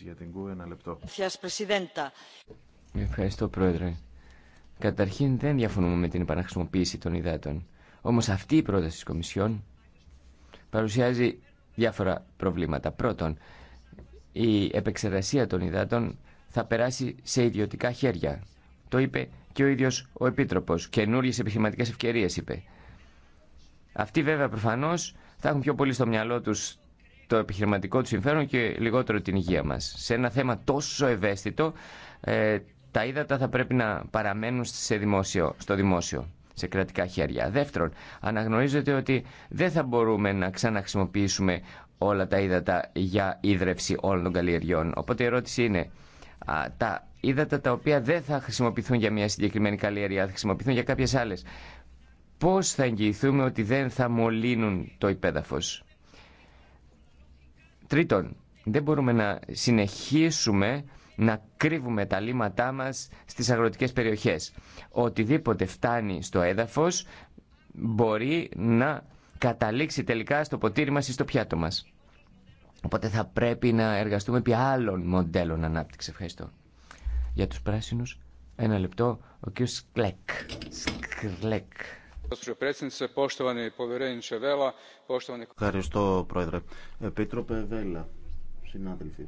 Για την λεπτό. Ευχαριστώ πρόεδρε. Καταρχήν δεν διαφωνούμε με την επαναχρησιμοποίηση των υδάτων. Όμως αυτή η πρόταση της Κομισιόν παρουσιάζει διάφορα προβλήματα. Πρώτον, η επεξεργασία των υδάτων θα περάσει σε ιδιωτικά χέρια. Το είπε και ο ίδιος ο Επίτροπος. Καινούριε επιχειρηματικέ ευκαιρίε, είπε. Αυτοί βέβαια προφανώ, θα έχουν πιο πολύ στο μυαλό τους το επιχειρηματικό του συμφέρον και λιγότερο την υγεία μας. Σε ένα θέμα τόσο ευαίσθητο, ε, τα ύδατα θα πρέπει να παραμένουν σε δημόσιο, στο δημόσιο, σε κρατικά χέρια. Δεύτερον, αναγνωρίζεται ότι δεν θα μπορούμε να ξαναχρησιμοποιήσουμε όλα τα ύδατα για ίδρευση όλων των καλλιεργιών. Οπότε η ερώτηση είναι, τα ύδατα τα οποία δεν θα χρησιμοποιηθούν για μια συγκεκριμένη καλλιέργεια, θα χρησιμοποιηθούν για κάποιες άλλες. Πώς θα εγγυηθούμε ότι δεν θα μολύνουν το υπέδαφος. Τρίτον, δεν μπορούμε να συνεχίσουμε να κρύβουμε τα λίματά μας στις αγροτικές περιοχές. Οτιδήποτε φτάνει στο έδαφος μπορεί να καταλήξει τελικά στο ποτήρι μας ή στο πιάτο μας. Οπότε θα πρέπει να εργαστούμε επί άλλων μοντέλων ανάπτυξη. Ευχαριστώ. Για τους πράσινους, ένα λεπτό, ο κ. Σκλέκ. Σκλέκ. Ευχαριστώ, Πρόεδρε. Επίτροπε Βέλα, συνάδελφοι.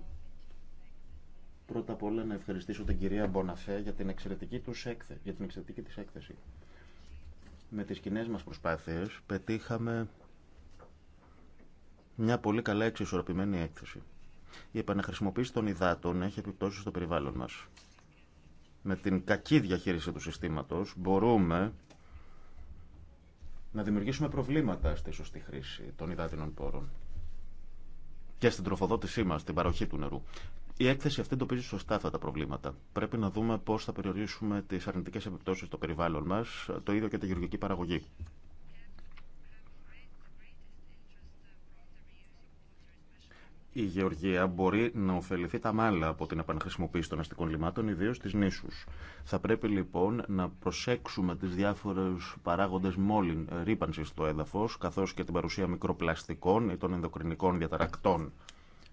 Πρώτα απ' όλα να ευχαριστήσω την κυρία Μποναφέ για την εξαιρετική, τους έκθε, για την εξαιρετική της έκθεση. Με τις κοινέ μας προσπάθειες πετύχαμε μια πολύ καλά εξισορροπημένη έκθεση. Η επαναχρησιμοποίηση των υδάτων έχει επιπτώσει στο περιβάλλον μας. Με την κακή διαχείριση του συστήματος μπορούμε να δημιουργήσουμε προβλήματα στη σωστή χρήση των υδάτινων πόρων και στην τροφοδότησή μα, στην παροχή του νερού. Η έκθεση αυτή εντοπίζει σωστά αυτά τα προβλήματα. Πρέπει να δούμε πώ θα περιορίσουμε τι αρνητικέ επιπτώσει στο περιβάλλον μα, το ίδιο και τη γεωργική παραγωγή. η γεωργία μπορεί να ωφεληθεί τα μάλα από την επαναχρησιμοποίηση των αστικών λιμάτων, ιδίω τη νήσου. Θα πρέπει λοιπόν να προσέξουμε τι διάφορε παράγοντε μόλιν ρήπανση στο έδαφο, καθώ και την παρουσία μικροπλαστικών ή των ενδοκρινικών διαταρακτών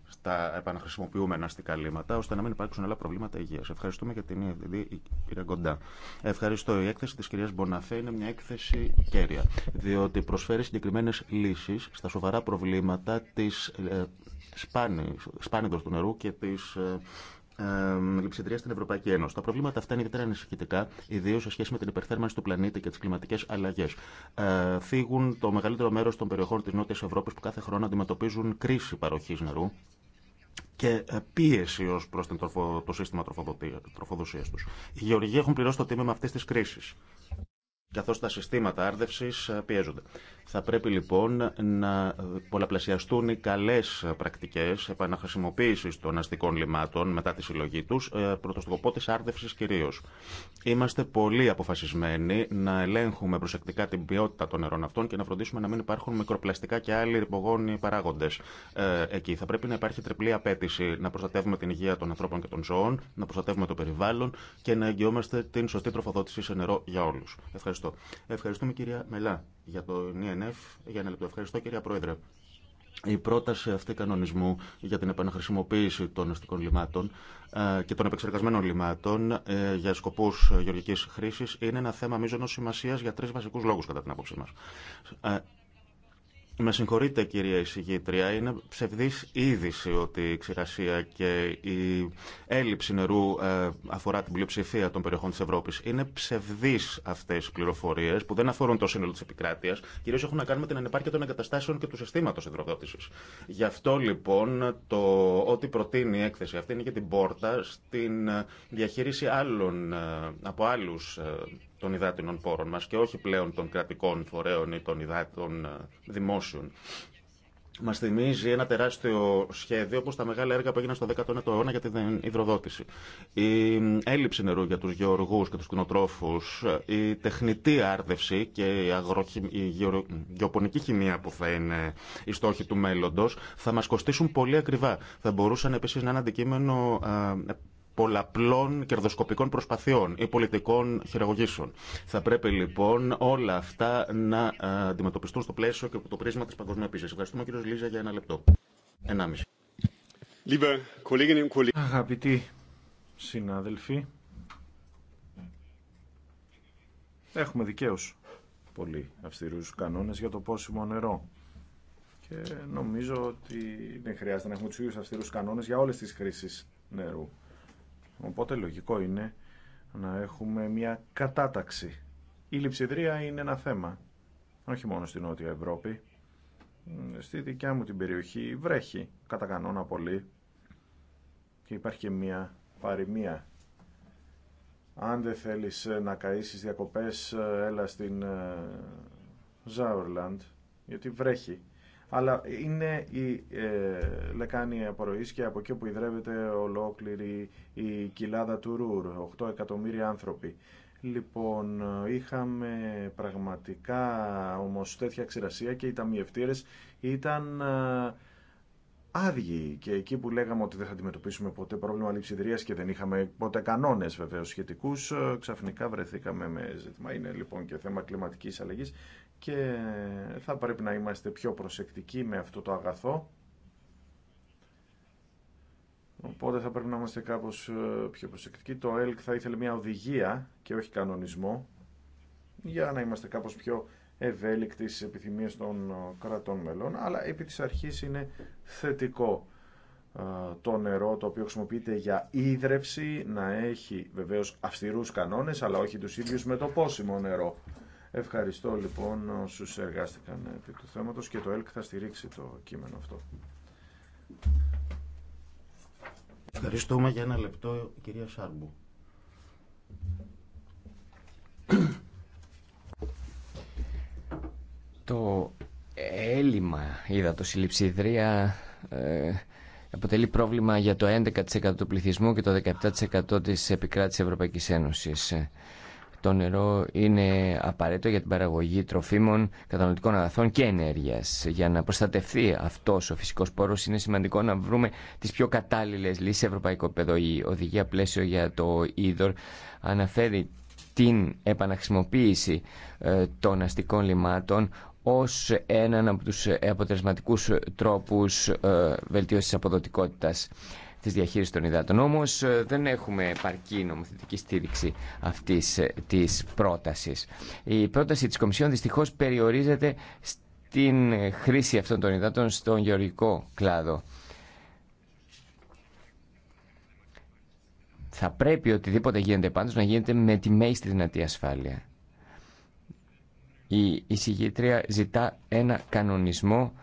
στα επαναχρησιμοποιούμενα αστικά λίματα, ώστε να μην υπάρξουν άλλα προβλήματα υγεία. Ευχαριστούμε για την ΕΔΔ, κυρία Κοντά. Ευχαριστώ. Η έκθεση τη κυρία Μποναφέ είναι μια έκθεση κέρια, διότι προσφέρει συγκεκριμένε λύσει στα σοβαρά προβλήματα τη ε, σπάνιδος του νερού και της ε, ε, λειψιδρία στην Ευρωπαϊκή Ένωση. Τα προβλήματα αυτά είναι ιδιαίτερα ανησυχητικά, ιδίω σε σχέση με την υπερθέρμανση του πλανήτη και τι κλιματικέ αλλαγέ. Ε, φύγουν το μεγαλύτερο μέρο των περιοχών τη Νότια Ευρώπη που κάθε χρόνο αντιμετωπίζουν κρίση παροχή νερού και πίεση ω προ τροφο... το σύστημα τροφοδοσία του. Οι γεωργοί έχουν πληρώσει το τίμημα αυτή τη κρίση Καθώ τα συστήματα άρδευση πιέζονται. Θα πρέπει λοιπόν να πολλαπλασιαστούν οι καλέ πρακτικέ επαναχρησιμοποίηση των αστικών λιμάτων μετά τη συλλογή του, ε, προ το σκοπό τη άρδευση κυρίω. Είμαστε πολύ αποφασισμένοι να ελέγχουμε προσεκτικά την ποιότητα των νερών αυτών και να φροντίσουμε να μην υπάρχουν μικροπλαστικά και άλλοι ρηπογόνοι παράγοντε. Ε, εκεί θα πρέπει να υπάρχει τριπλή απέτηση να προστατεύουμε την υγεία των ανθρώπων και των ζώων, να προστατεύουμε το περιβάλλον και να εγγυόμαστε την σωστή τροφοδότηση σε νερό για όλου. Ευχαριστώ. Ευχαριστούμε κυρία Μελά για το ΙΕΝΕΦ. Για ένα λεπτό. Ευχαριστώ, κυρία Πρόεδρε. Η πρόταση αυτή κανονισμού για την επαναχρησιμοποίηση των αστικών λιμάτων ε, και των επεξεργασμένων λιμάτων ε, για σκοπού γεωργική χρήση είναι ένα θέμα μείζωνο σημασία για τρει βασικού λόγου, κατά την άποψή μα. Ε, με συγχωρείτε κυρία εισηγήτρια, είναι ψευδής είδηση ότι η ξηρασία και η έλλειψη νερού ε, αφορά την πλειοψηφία των περιοχών της Ευρώπης. Είναι ψευδής αυτές οι πληροφορίες που δεν αφορούν το σύνολο της επικράτειας, κυρίως έχουν να κάνουν με την ανεπάρκεια των εγκαταστάσεων και του συστήματος υδροδότησης. Γι' αυτό λοιπόν το ότι προτείνει η έκθεση αυτή είναι και την πόρτα στην διαχείριση άλλων, ε, από άλλους ε, των υδάτινων πόρων μας και όχι πλέον των κρατικών φορέων ή των υδάτινων ε, δημόσιων. Μας θυμίζει ένα τεράστιο σχέδιο όπως τα μεγάλα έργα που έγιναν στο 19ο αιώνα για την υδροδότηση. Η έλλειψη νερού για τους γεωργούς και τους κοινοτρόφους, η τεχνητή άρδευση και η, γεωπονική χημεία που θα είναι η στόχη του μέλλοντο θα μας κοστίσουν πολύ ακριβά. Θα μπορούσαν επίσης να είναι αντικείμενο ε, πολλαπλών κερδοσκοπικών προσπαθειών ή πολιτικών χειραγωγήσεων. Θα πρέπει λοιπόν όλα αυτά να ε, αντιμετωπιστούν στο πλαίσιο και από το πρίσμα τη παγκοσμιοποίηση. Ευχαριστούμε κύριο Λίζα για ένα λεπτό. Αγαπητοί συνάδελφοι, έχουμε δικαίω πολύ αυστηρούς κανόνες για το πόσιμο νερό. Και νομίζω ότι δεν χρειάζεται να έχουμε τους ίδιους αυστηρούς κανόνες για όλες τις χρήσει νερού. Οπότε λογικό είναι να έχουμε μια κατάταξη. Η λειψιδρία είναι ένα θέμα, όχι μόνο στην Νότια Ευρώπη. Στη δικιά μου την περιοχή βρέχει κατά κανόνα πολύ και υπάρχει και μια παροιμία. Αν δεν θέλεις ε, να καείς διακοπές, ε, έλα στην ε, Ζάουρλαντ, γιατί βρέχει αλλά είναι η ε, λεκάνη απορροής και από εκεί που ιδρεύεται ολόκληρη η κοιλάδα του Ρουρ, 8 εκατομμύρια άνθρωποι. Λοιπόν, είχαμε πραγματικά όμως τέτοια ξηρασία και οι ταμιευτήρες ήταν ε, άδειοι και εκεί που λέγαμε ότι δεν θα αντιμετωπίσουμε ποτέ πρόβλημα λειψιδρίας και δεν είχαμε ποτέ κανόνες βεβαίως σχετικούς, ε, ξαφνικά βρεθήκαμε με ζήτημα. Είναι λοιπόν και θέμα κλιματικής αλλαγής και θα πρέπει να είμαστε πιο προσεκτικοί με αυτό το αγαθό. Οπότε θα πρέπει να είμαστε κάπως ε, πιο προσεκτικοί. Το ΕΛΚ θα ήθελε μια οδηγία και όχι κανονισμό για να είμαστε κάπως πιο ευέλικτοι στις επιθυμίες των ε, κρατών μελών, αλλά επί της αρχής είναι θετικό ε, το νερό το οποίο χρησιμοποιείται για ίδρευση να έχει βεβαίως αυστηρούς κανόνες αλλά όχι τους ίδιους με το πόσιμο νερό Ευχαριστώ λοιπόν όσου εργάστηκαν επί του θέματος και το ΕΛΚ θα στηρίξει το κείμενο αυτό. Ευχαριστούμε για ένα λεπτό, κυρία Σάρμπου. Το έλλειμμα υδατοσυλληψιδρία ε, αποτελεί πρόβλημα για το 11% του πληθυσμού και το 17% της επικράτησης Ευρωπαϊκής Ένωσης. Το νερό είναι απαραίτητο για την παραγωγή τροφίμων, κατανοητικών αγαθών και ενέργειας. Για να προστατευτεί αυτός ο φυσικός πόρος είναι σημαντικό να βρούμε τις πιο κατάλληλες λύσεις σε ευρωπαϊκό επίπεδο. Η οδηγία πλαίσιο για το ΙΔΟΡ αναφέρει την επαναχρησιμοποίηση ε, των αστικών λιμάτων ως έναν από τους ε, αποτελεσματικούς τρόπους ε, βελτίωσης αποδοτικότητας της διαχείρισης των υδάτων. Όμω ε, δεν έχουμε επαρκή νομοθετική στήριξη αυτής ε, της πρότασης. Η πρόταση της Κομισιόν δυστυχώ περιορίζεται στην χρήση αυτών των υδάτων στον γεωργικό κλάδο. Θα πρέπει οτιδήποτε γίνεται πάντως να γίνεται με τη μέγιστη δυνατή ασφάλεια. Η εισηγήτρια ζητά ένα κανονισμό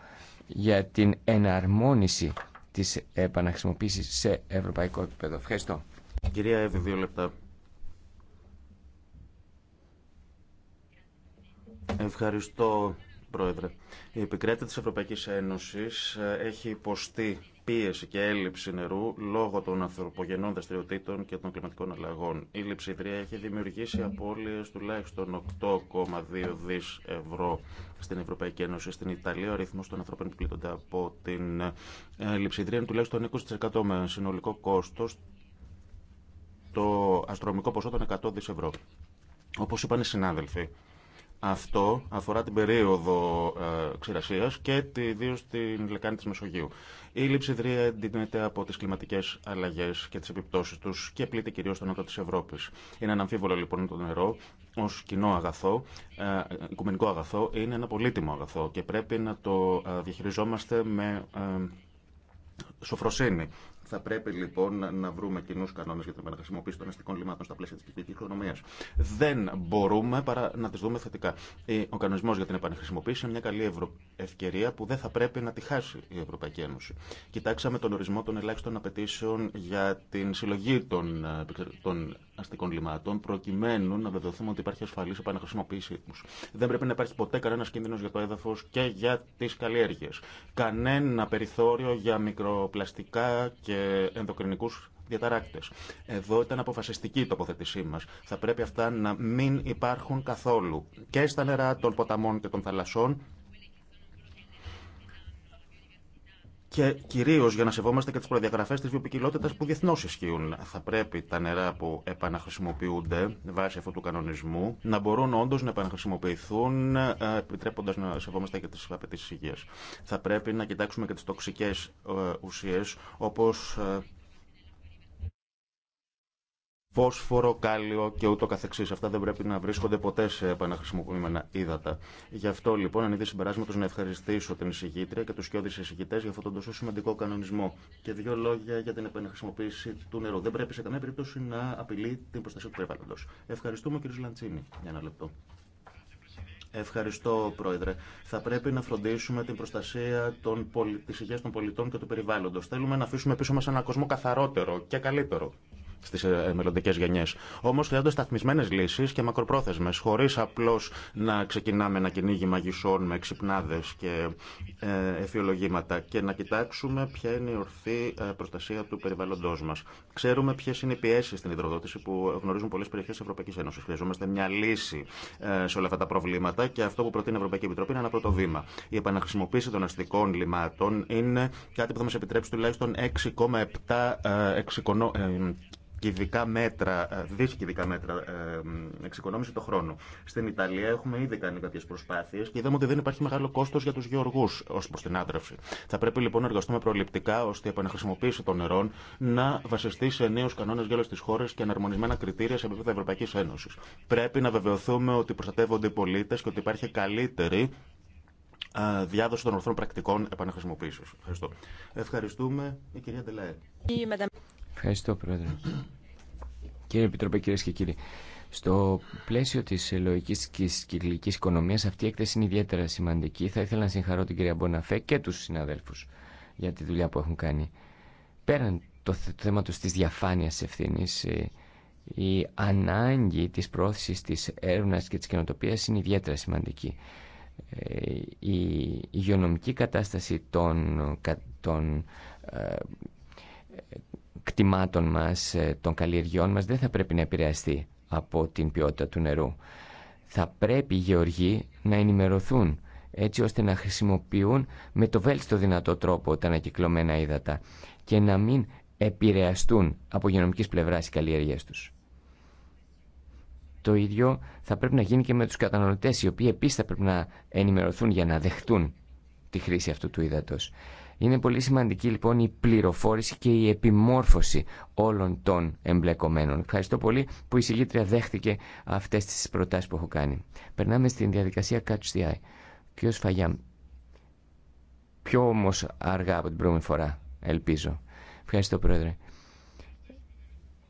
για την εναρμόνιση της επαναχρησιμοποίησης σε ευρωπαϊκό επίπεδο. Ευχαριστώ. Κυρία Εύη, δύο λεπτά. Ευχαριστώ, Πρόεδρε. Η επικράτεια της Ευρωπαϊκής Ένωσης έχει υποστεί πίεση και έλλειψη νερού λόγω των ανθρωπογενών δραστηριοτήτων και των κλιματικών αλλαγών. Η λειψιδρία έχει δημιουργήσει απώλειες τουλάχιστον 8,2 δις ευρώ στην Ευρωπαϊκή Ένωση. Στην Ιταλία ο αριθμός των ανθρώπων που πλήττονται από την ε, λειψιδρία είναι τουλάχιστον 20% με συνολικό κόστος το αστρομικό ποσό των 100 δις ευρώ. Όπω είπαν οι συνάδελφοι, αυτό αφορά την περίοδο ε, ξηρασία και ιδίω την λεκάνη τη Μεσογείου. Η λήψη δρία εντείνεται από τι κλιματικέ αλλαγέ και τι επιπτώσει του και πλήττει κυρίω το νότο τη Ευρώπη. Είναι αναμφίβολο λοιπόν το νερό ω κοινό αγαθό, ε, οικουμενικό αγαθό, είναι ένα πολύτιμο αγαθό και πρέπει να το ε, διαχειριζόμαστε με. Ε, σοφροσύνη θα πρέπει λοιπόν να βρούμε κοινού κανόνε για την επαναχρησιμοποίηση των αστικών λιμάτων στα πλαίσια τη κοινωνική οικονομία. Δεν μπορούμε παρά να τι δούμε θετικά. Ε, ο κανονισμό για την επαναχρησιμοποίηση είναι μια καλή ευρω... ευκαιρία που δεν θα πρέπει να τη χάσει η Ευρωπαϊκή Ένωση. Κοιτάξαμε τον ορισμό των ελάχιστων απαιτήσεων για την συλλογή των ε, αστικών λιμάτων, προκειμένου να βεβαιωθούμε ότι υπάρχει ασφαλή επαναχρησιμοποίησή του. Δεν πρέπει να υπάρχει ποτέ κανένα κίνδυνο για το έδαφο και για τι καλλιέργειε. Κανένα περιθώριο για μικροπλαστικά και ενδοκρινικού διαταράκτε. Εδώ ήταν αποφασιστική η τοποθέτησή μα. Θα πρέπει αυτά να μην υπάρχουν καθόλου και στα νερά των ποταμών και των θαλασσών και κυρίω για να σεβόμαστε και τι προδιαγραφέ τη βιοπικιλότητα που διεθνώ ισχύουν. Θα πρέπει τα νερά που επαναχρησιμοποιούνται βάσει αυτού του κανονισμού να μπορούν όντω να επαναχρησιμοποιηθούν, ε, επιτρέποντα να σεβόμαστε και τι απαιτήσει υγεία. Θα πρέπει να κοιτάξουμε και τι τοξικέ ε, ουσίε, όπω ε, φόσφορο, κάλιο και ούτω καθεξής. Αυτά δεν πρέπει να βρίσκονται ποτέ σε επαναχρησιμοποιημένα ύδατα. Γι' αυτό λοιπόν, αν είδη συμπεράσματο, να ευχαριστήσω την εισηγήτρια και τους κοιόδη εισηγητές για αυτόν τον τόσο σημαντικό κανονισμό. Και δύο λόγια για την επαναχρησιμοποίηση του νερού. Δεν πρέπει σε καμία περίπτωση να απειλεί την προστασία του περιβάλλοντος. Ευχαριστούμε, κ. Λαντσίνη, για ένα λεπτό. Ευχαριστώ, Πρόεδρε. Θα πρέπει να φροντίσουμε την προστασία των πολι... τη υγεία των πολιτών και του περιβάλλοντος. Θέλουμε να αφήσουμε πίσω μας έναν κόσμο καθαρότερο και καλύτερο στι ε, μελλοντικέ γενιέ. Όμω χρειάζονται σταθμισμένε λύσει και μακροπρόθεσμε, χωρί απλώ να ξεκινάμε ένα κυνήγι μαγισσών με ξυπνάδε και ε, εφιολογήματα και να κοιτάξουμε ποια είναι η ορθή ε, προστασία του περιβάλλοντό μα. Ξέρουμε ποιε είναι οι πιέσει στην υδροδότηση που γνωρίζουν πολλέ περιοχέ τη Ευρωπαϊκή Ένωση. Χρειαζόμαστε μια λύση σε όλα αυτά τα προβλήματα και αυτό που προτείνει η Ευρωπαϊκή Επιτροπή είναι ένα πρώτο βήμα. Η επαναχρησιμοποίηση των αστικών λιμάτων είναι κάτι που θα μα επιτρέψει τουλάχιστον 6,7 κυβικά μέτρα, ε, δις μέτρα ε, εξοικονόμηση το χρόνο. Στην Ιταλία έχουμε ήδη κάνει κάποιε προσπάθειε και είδαμε ότι δεν υπάρχει μεγάλο κόστο για του γεωργού ω προ την άντρευση. Θα πρέπει λοιπόν να εργαστούμε προληπτικά ώστε η επαναχρησιμοποίηση των νερών να βασιστεί σε νέου κανόνε για όλε τι χώρε και αναρμονισμένα κριτήρια σε επίπεδο Ευρωπαϊκή Ένωση. Πρέπει να βεβαιωθούμε ότι προστατεύονται οι πολίτε και ότι υπάρχει καλύτερη ε, διάδοση των ορθών πρακτικών επαναχρησιμοποίηση. Ευχαριστώ. Ευχαριστούμε η κυρία Ντελαέ. Ευχαριστώ, Πρόεδρε. Κύριε Επιτροπέ, κυρίε και κύριοι. Στο πλαίσιο τη λογική και κυκλική οικονομία, αυτή η έκθεση είναι ιδιαίτερα σημαντική. Θα ήθελα να συγχαρώ την κυρία Μποναφέ και του συναδέλφου για τη δουλειά που έχουν κάνει. Πέραν το θέμα της διαφάνειας ευθύνη, ε, η ανάγκη της πρόθεσης της έρευνας και της καινοτοπία είναι ιδιαίτερα σημαντική. Ε, η υγειονομική κατάσταση των, των ε, κτημάτων μας, ε, των καλλιεργιών μας δεν θα πρέπει να επηρεαστεί από την ποιότητα του νερού. Θα πρέπει οι γεωργοί να ενημερωθούν έτσι ώστε να χρησιμοποιούν με το βέλτιστο δυνατό τρόπο τα ανακυκλωμένα ύδατα και να μην επηρεαστούν από γενομικής πλευράς οι καλλιέργειές τους. Το ίδιο θα πρέπει να γίνει και με τους καταναλωτές, οι οποίοι επίσης θα πρέπει να ενημερωθούν για να δεχτούν τη χρήση αυτού του ύδατος. Είναι πολύ σημαντική λοιπόν η πληροφόρηση και η επιμόρφωση όλων των εμπλεκομένων. Ευχαριστώ πολύ που η συγγήτρια δέχτηκε αυτές τις προτάσεις που έχω κάνει. Περνάμε στην διαδικασία Catch the Eye. Ποιος φαγιά. Πιο όμως αργά από την πρώτη φορά, ελπίζω. Ευχαριστώ Πρόεδρε.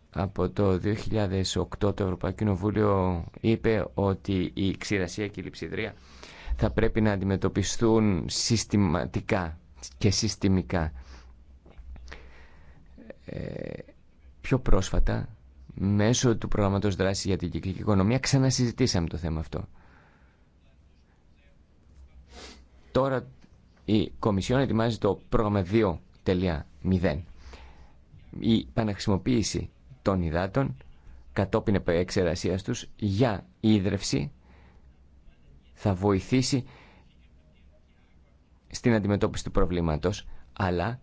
Από το 2008 το Ευρωπαϊκό Κοινοβούλιο είπε ότι η ξηρασία και η λειψιδρία θα πρέπει να αντιμετωπιστούν συστηματικά και συστημικά. Ε, πιο πρόσφατα, μέσω του προγραμματός δράσης για την κυκλική οικονομία, ξανασυζητήσαμε το θέμα αυτό. Τώρα η Κομισιόν ετοιμάζει το πρόγραμμα 2.0. Η επαναχρησιμοποίηση των υδάτων κατόπιν εξερασίας τους για ίδρυυση θα βοηθήσει στην αντιμετώπιση του προβλήματος, αλλά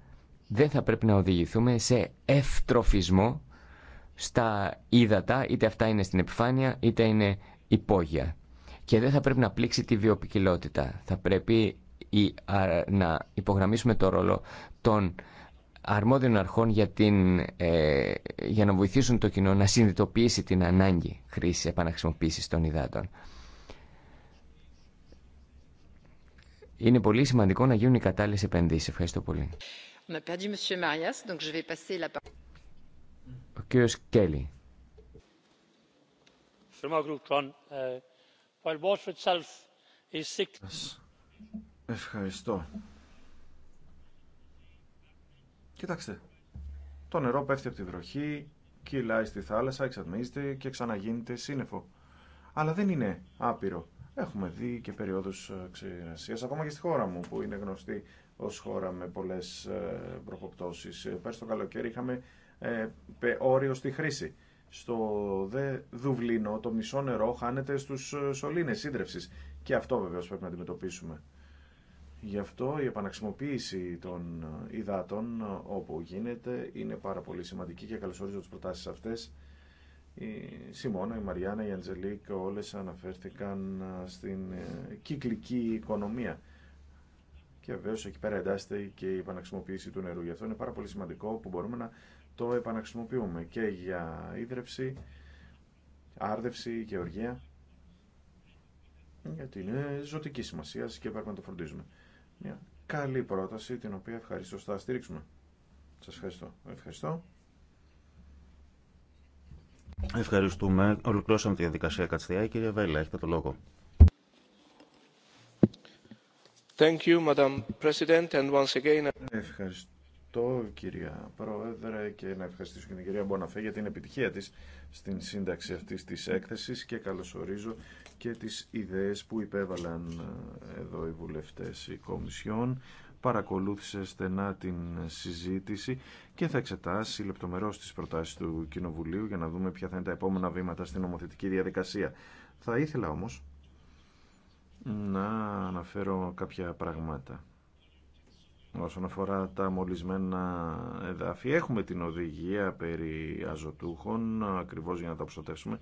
δεν θα πρέπει να οδηγηθούμε σε ευτροφισμό στα ύδατα, είτε αυτά είναι στην επιφάνεια, είτε είναι υπόγεια. Και δεν θα πρέπει να πλήξει τη βιοπικιλότητα. Θα πρέπει να υπογραμμίσουμε το ρόλο των αρμόδιων αρχών για, την, ε, για να βοηθήσουν το κοινό να συνειδητοποιήσει την ανάγκη χρήση επαναχρησιμοποίησης των υδάτων. είναι πολύ σημαντικό να γίνουν οι κατάλληλε επενδύσει. Ευχαριστώ πολύ. Κέλλη. Ε, ευχαριστώ. Κοιτάξτε, το νερό πέφτει από τη βροχή, κυλάει στη θάλασσα, εξατμίζεται και ξαναγίνεται σύννεφο. Αλλά δεν είναι άπειρο. Έχουμε δει και περίοδους ε, ξηρασίας, ακόμα και στη χώρα μου που είναι γνωστή ως χώρα με πολλές ε, προκοπτώσεις. Ε, πέρσι το καλοκαίρι είχαμε όριο στη χρήση. Στο δε Δουβλίνο το μισό νερό χάνεται στους σωλήνες σύντρευσης και αυτό βέβαια πρέπει να αντιμετωπίσουμε. Γι' αυτό η επαναξιμοποίηση των υδάτων όπου γίνεται είναι πάρα πολύ σημαντική και καλωσορίζω τις προτάσεις αυτές η Σιμώνα, η Μαριάννα, η Αντζελίκ, όλες αναφέρθηκαν στην ε, κυκλική οικονομία. Και βεβαίω εκεί πέρα εντάσσεται και η επαναξιμοποίηση του νερού. Γι' αυτό είναι πάρα πολύ σημαντικό που μπορούμε να το επαναξιμοποιούμε και για ίδρυψη, άρδευση, οργία, Γιατί είναι ζωτική σημασία και πρέπει να το φροντίζουμε. Μια καλή πρόταση την οποία ευχαριστώ θα στηρίξουμε. Σας ευχαριστώ. Ευχαριστώ. Ευχαριστούμε. Ολοκλώσαμε τη διαδικασία Κατστιάη. Κύριε κυρία Βέλα, έχετε το λόγο. Thank you, Madam President, and once again... Uh, Ευχαριστώ, κυρία Πρόεδρε, και να ευχαριστήσω και την κυρία Μποναφέ για την επιτυχία της στην σύνταξη αυτής της έκθεσης και καλωσορίζω και τις ιδέες που υπέβαλαν ε, εδώ οι βουλευτές η Κομισιόν παρακολούθησε στενά την συζήτηση και θα εξετάσει λεπτομερώς τις προτάσεις του Κοινοβουλίου για να δούμε ποια θα είναι τα επόμενα βήματα στην νομοθετική διαδικασία. Θα ήθελα όμως να αναφέρω κάποια πράγματα. Όσον αφορά τα μολυσμένα εδάφη, έχουμε την οδηγία περί αζωτούχων ακριβώς για να τα προστατεύσουμε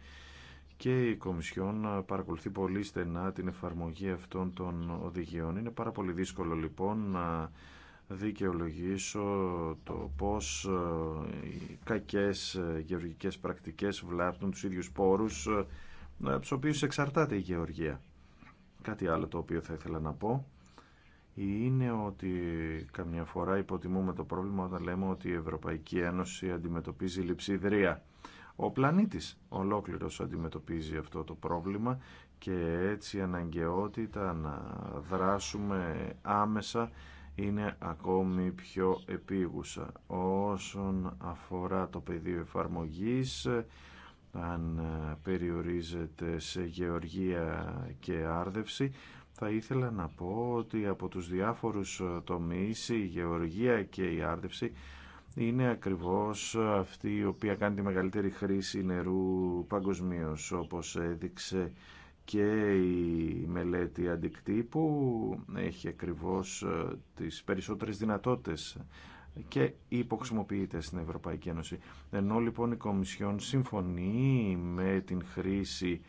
και η Κομισιόν παρακολουθεί πολύ στενά την εφαρμογή αυτών των οδηγιών. Είναι πάρα πολύ δύσκολο λοιπόν να δικαιολογήσω το πώς ε, οι κακές ε, γεωργικές πρακτικές βλάπτουν τους ίδιους πόρους από ε, τους οποίους εξαρτάται η γεωργία. Κάτι άλλο το οποίο θα ήθελα να πω είναι ότι καμιά φορά υποτιμούμε το πρόβλημα όταν λέμε ότι η Ευρωπαϊκή Ένωση αντιμετωπίζει λειψιδρία ο πλανήτης ολόκληρος αντιμετωπίζει αυτό το πρόβλημα και έτσι η αναγκαιότητα να δράσουμε άμεσα είναι ακόμη πιο επίγουσα. Όσον αφορά το πεδίο εφαρμογής, αν περιορίζεται σε γεωργία και άρδευση, θα ήθελα να πω ότι από τους διάφορους τομείς η γεωργία και η άρδευση είναι ακριβώς αυτή η οποία κάνει τη μεγαλύτερη χρήση νερού παγκοσμίω, όπως έδειξε και η μελέτη αντικτύπου έχει ακριβώς ε, τις περισσότερες δυνατότητες και υποχρησιμοποιείται στην Ευρωπαϊκή Ένωση. Ενώ λοιπόν η Κομισιόν συμφωνεί με την χρήση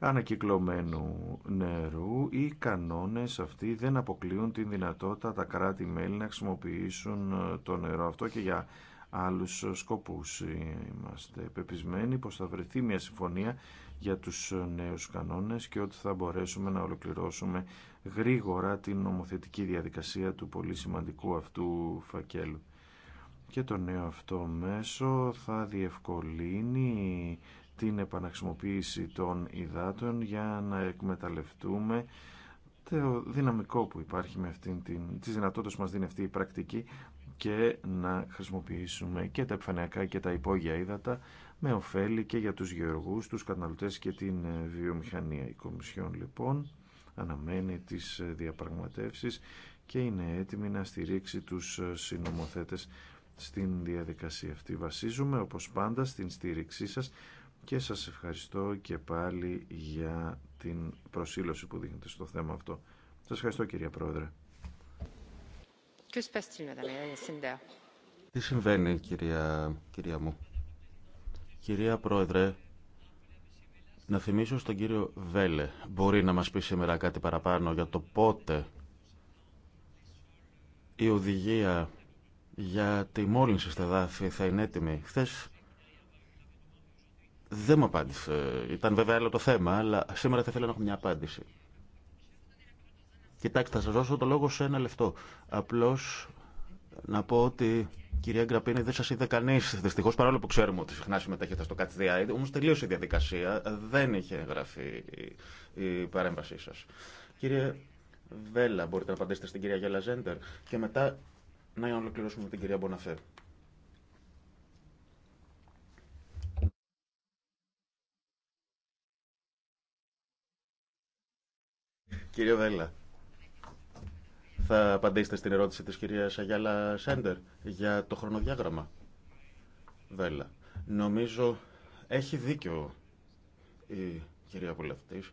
ανακυκλωμένου νερού, οι κανόνες αυτοί δεν αποκλείουν την δυνατότητα τα κράτη-μέλη να χρησιμοποιήσουν ε, το νερό αυτό και για άλλους σκοπούς. Είμαστε πεπισμένοι πως θα βρεθεί μια συμφωνία για τους νέους κανόνες και ότι θα μπορέσουμε να ολοκληρώσουμε γρήγορα την νομοθετική διαδικασία του πολύ σημαντικού αυτού φακέλου. Και το νέο αυτό μέσο θα διευκολύνει την επαναχρησιμοποίηση των υδάτων για να εκμεταλλευτούμε το δυναμικό που υπάρχει με αυτήν την, τις δυνατότητες που μας δίνει αυτή η πρακτική και να χρησιμοποιήσουμε και τα επιφανειακά και τα υπόγεια ύδατα με ωφέλη και για τους γεωργούς, τους καταναλωτές και την ε, βιομηχανία. Η Κομισιόν λοιπόν αναμένει τις ε, διαπραγματεύσεις και είναι έτοιμη να στηρίξει τους ε, συνομοθέτες στην διαδικασία αυτή. Βασίζουμε όπως πάντα στην στήριξή σας και σας ευχαριστώ και πάλι για την προσήλωση που δείχνετε στο θέμα αυτό. Σας ευχαριστώ κυρία Πρόεδρε. Ε, Τι συμβαίνει κυρία, κυρία μου. Κυρία Πρόεδρε, να θυμίσω στον κύριο Βέλε. Μπορεί να μας πει σήμερα κάτι παραπάνω για το πότε η οδηγία για τη μόλυνση στα δάφη θα είναι έτοιμη. Χθες δεν μου απάντησε. Ήταν βέβαια άλλο το θέμα, αλλά σήμερα θα ήθελα να έχω μια απάντηση. Κοιτάξτε, θα σα δώσω το λόγο σε ένα λεπτό. Απλώ να πω ότι κυρία Γκραπίνη δεν σα είδε κανεί. Δυστυχώ, παρόλο που ξέρουμε ότι συχνά συμμετέχετε στο Catch the τελείωσε η διαδικασία, δεν είχε γραφεί η παρέμβασή σα. Κύριε Βέλα, μπορείτε να απαντήσετε στην κυρία Γελαζέντερ και μετά να ολοκληρώσουμε την κυρία Μποναφέ. Κύριε Βέλλα, θα απαντήσετε στην ερώτηση της κυρίας Αγιάλα Σέντερ για το χρονοδιάγραμμα. Βέλλα, νομίζω έχει δίκιο η κυρία Βουλευτής.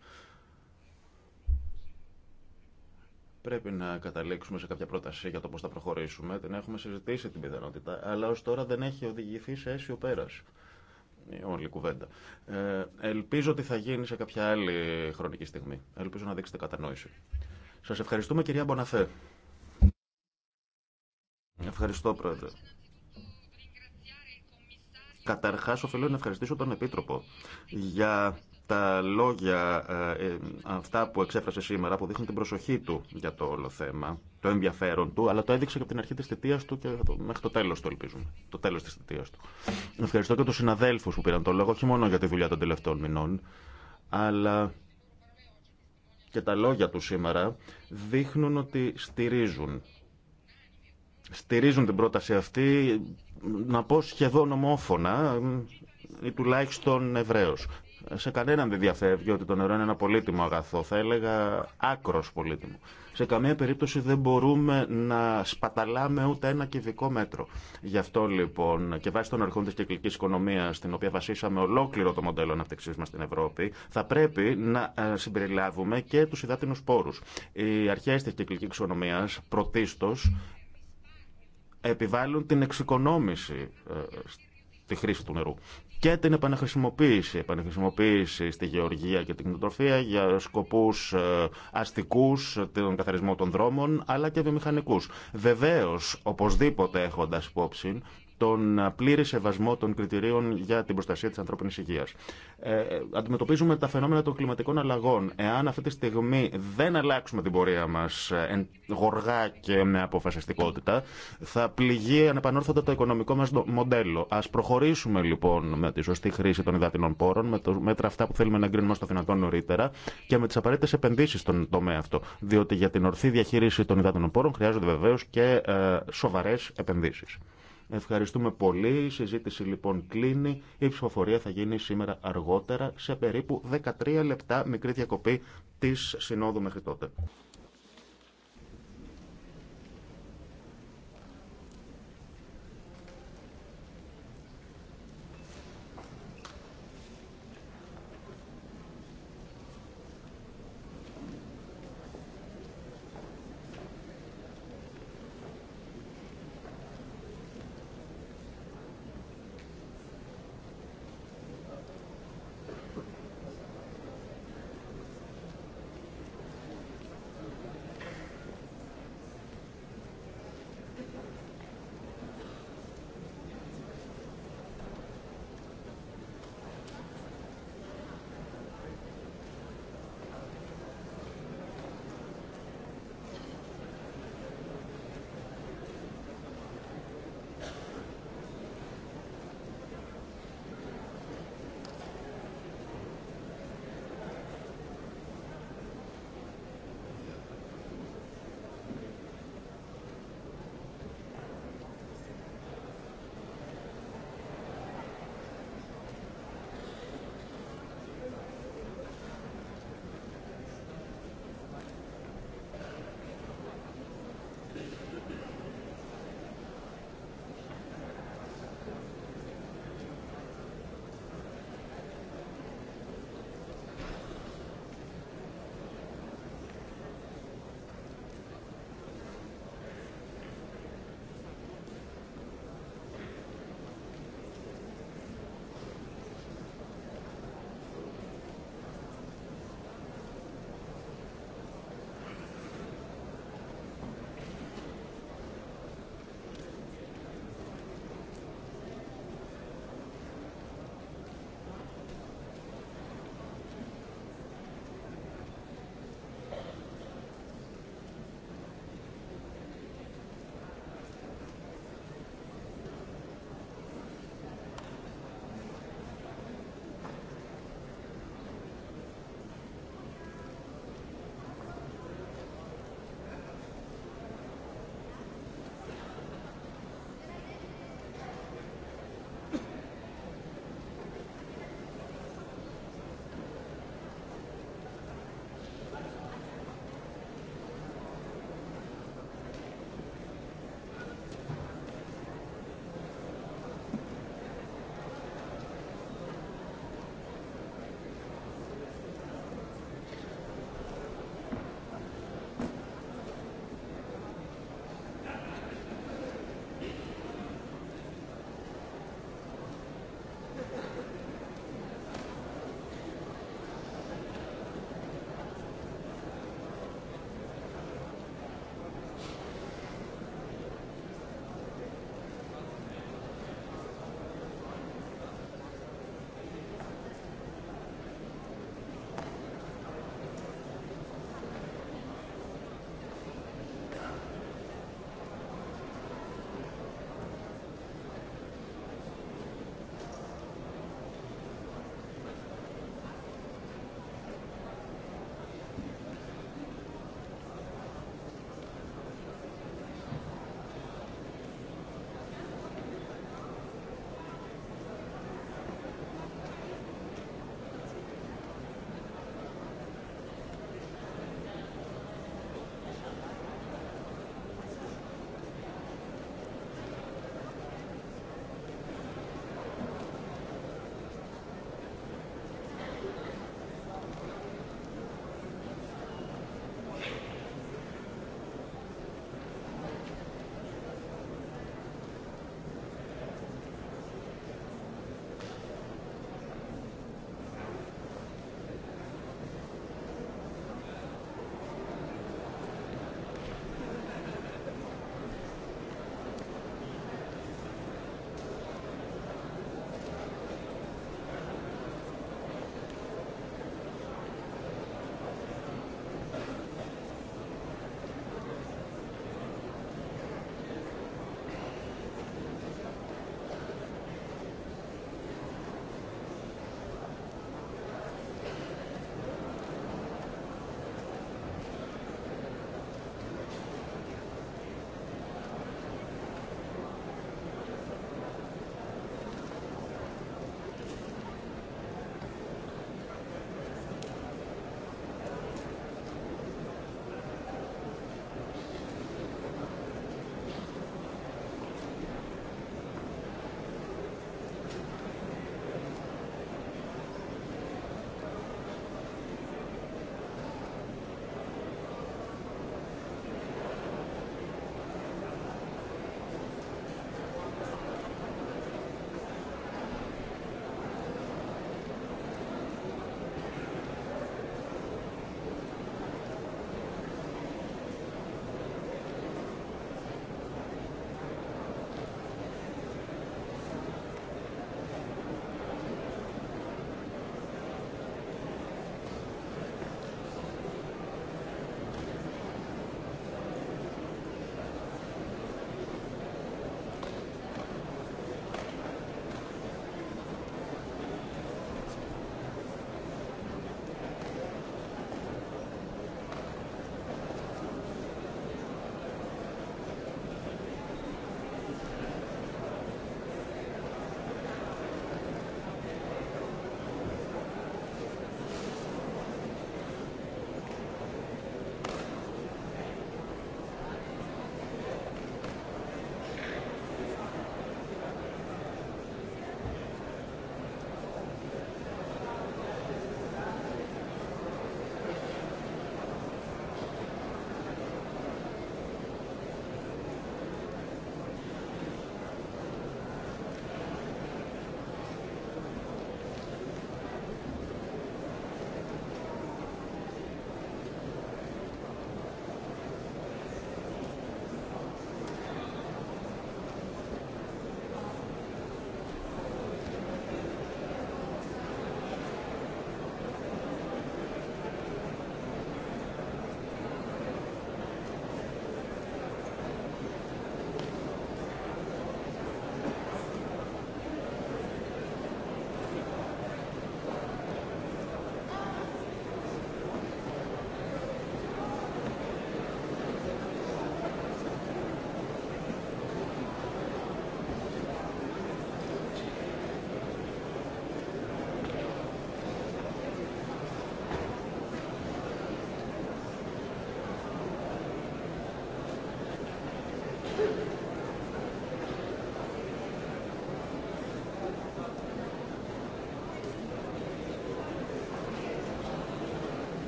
Πρέπει να καταλήξουμε σε κάποια πρόταση για το πώς θα προχωρήσουμε. Την έχουμε συζητήσει την πιθανότητα, αλλά ως τώρα δεν έχει οδηγηθεί σε αίσιο πέρας η όλη κουβέντα. Ε, ελπίζω ότι θα γίνει σε κάποια άλλη χρονική στιγμή. Ελπίζω να δείξετε κατανόηση. Σας ευχαριστούμε κυρία Μποναφέ. Ευχαριστώ πρόεδρε. Καταρχάς οφείλω να ευχαριστήσω τον Επίτροπο για τα λόγια ε, ε, αυτά που εξέφρασε σήμερα, που δείχνουν την προσοχή του για το όλο θέμα, το ενδιαφέρον του, αλλά το έδειξε και από την αρχή τη θητεία του και μέχρι το τέλος του, ελπίζουμε. Το τέλος της θητείας του. Ευχαριστώ και του συναδέλφου που πήραν το λόγο, όχι μόνο για τη δουλειά των τελευταίων μηνών, αλλά και τα λόγια του σήμερα δείχνουν ότι στηρίζουν. Στηρίζουν την πρόταση αυτή, να πω σχεδόν ομόφωνα, ή τουλάχιστον Εβραίος. Σε κανέναν δεν διαφεύγει ότι το νερό είναι ένα πολύτιμο αγαθό, θα έλεγα άκρο πολύτιμο. Σε καμία περίπτωση δεν μπορούμε να σπαταλάμε ούτε ένα κυβικό μέτρο. Γι' αυτό λοιπόν και βάσει των αρχών τη κυκλική οικονομία, στην οποία βασίσαμε ολόκληρο το μοντέλο αναπτυξή μα στην Ευρώπη, θα πρέπει να ε, συμπεριλάβουμε και του υδάτινου πόρου. Οι αρχέ τη κυκλική οικονομία πρωτίστω επιβάλλουν την εξοικονόμηση ε, στη χρήση του νερού και την επαναχρησιμοποίηση. Επαναχρησιμοποίηση στη γεωργία και την κτηνοτροφία για σκοπού ε, αστικού, τον καθαρισμό των δρόμων, αλλά και βιομηχανικού. Βεβαίω, οπωσδήποτε έχοντα υπόψη τον πλήρη σεβασμό των κριτηρίων για την προστασία τη ανθρώπινη υγεία. Ε, αντιμετωπίζουμε τα φαινόμενα των κλιματικών αλλαγών. Εάν αυτή τη στιγμή δεν αλλάξουμε την πορεία μα ε, γοργά και με αποφασιστικότητα, θα πληγεί ανεπανόρθωτα το οικονομικό μα μοντέλο. Α προχωρήσουμε λοιπόν με τη σωστή χρήση των υδατινών πόρων, με τα μέτρα αυτά που θέλουμε να εγκρίνουμε στο δυνατόν νωρίτερα και με τι απαραίτητε επενδύσει στον τομέα αυτό. Διότι για την ορθή διαχείριση των υδατινών πόρων χρειάζονται βεβαίω και ε, σοβαρέ επενδύσει. Ευχαριστούμε πολύ. Η συζήτηση λοιπόν κλείνει. Η ψηφοφορία θα γίνει σήμερα αργότερα σε περίπου 13 λεπτά μικρή διακοπή της Συνόδου μέχρι τότε.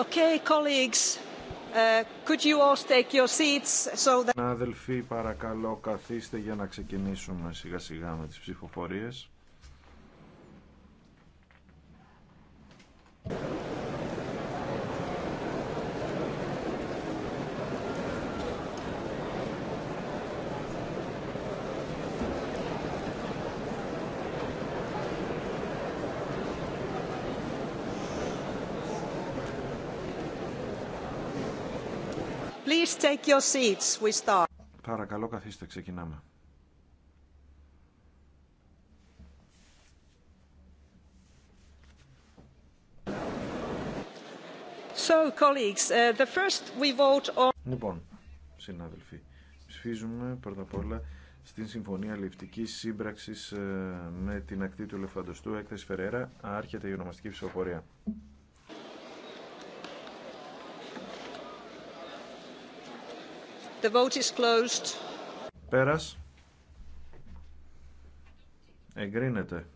Uh, Συναδελφοι, Αδελφοί, παρακαλώ καθίστε για να ξεκινήσουμε σιγά σιγά με τις ψηφοφορίες. Παρακαλώ καθίστε, ξεκινάμε. So, colleagues, uh, the first we vote on... Λοιπόν, συνάδελφοι, ψηφίζουμε πρώτα απ' όλα στην Συμφωνία Σύμπραξη Σύμπραξης ε, με την ακτή του Ελεφαντοστού, έκθεση Φεραίρα, άρχεται η ονομαστική ψηφοφορία. The vote is closed. Πέρας. Εγκρίνεται.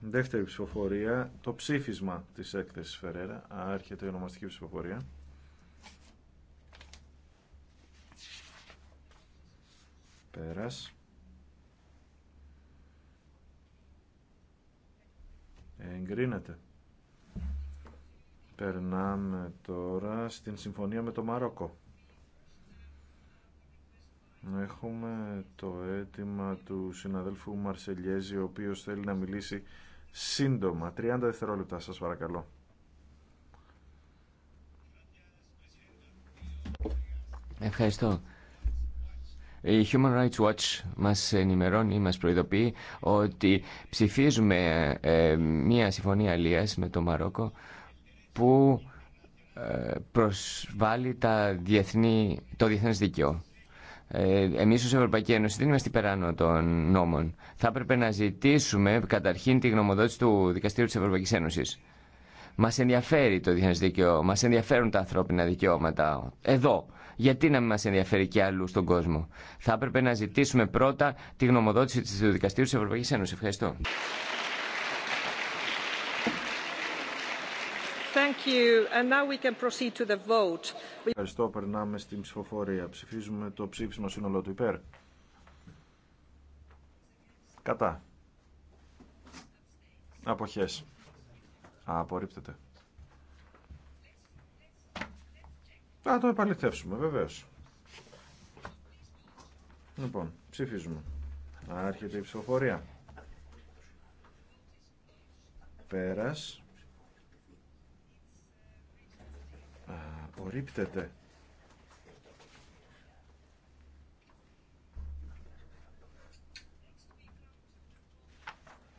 Δεύτερη ψηφοφορία, το ψήφισμα της έκθεσης Φερέρα. Άρχεται η ονομαστική ψηφοφορία. Πέρας. εγκρίνεται. Περνάμε τώρα στην συμφωνία με το Μαρόκο. Έχουμε το αίτημα του συναδέλφου Μαρσελιέζη, ο οποίος θέλει να μιλήσει σύντομα. 30 δευτερόλεπτα, σας παρακαλώ. Ευχαριστώ. Η Human Rights Watch μας ενημερώνει, μας προειδοποιεί ότι ψηφίζουμε ε, μία συμφωνία αλίας με το Μαρόκο που ε, προσβάλλει τα διεθνή, το διεθνές δίκαιο. Ε, εμείς ως Ευρωπαϊκή Ένωση δεν είμαστε υπεράνω των νόμων. Θα έπρεπε να ζητήσουμε καταρχήν τη γνωμοδότηση του Δικαστήριου της Ευρωπαϊκής Ένωσης. Μας ενδιαφέρει το διεθνές δίκαιο, μας ενδιαφέρουν τα ανθρώπινα δικαιώματα εδώ γιατί να μην μα ενδιαφέρει και αλλού στον κόσμο. Θα έπρεπε να ζητήσουμε πρώτα τη γνωμοδότηση τη Δικαστήριου τη Ευρωπαϊκή Ένωση. Ευχαριστώ. Thank you. And now we can proceed to the vote. Ευχαριστώ. Περνάμε στην ψηφοφορία. Ψηφίζουμε το ψήφισμα σύνολο του υπέρ. Κατά. Αποχές. Απορρίπτεται. Θα το επαληθεύσουμε βεβαίως. Λοιπόν, ψηφίζουμε. Άρχεται η ψηφοφορία. Πέρας. Απορρίπτεται.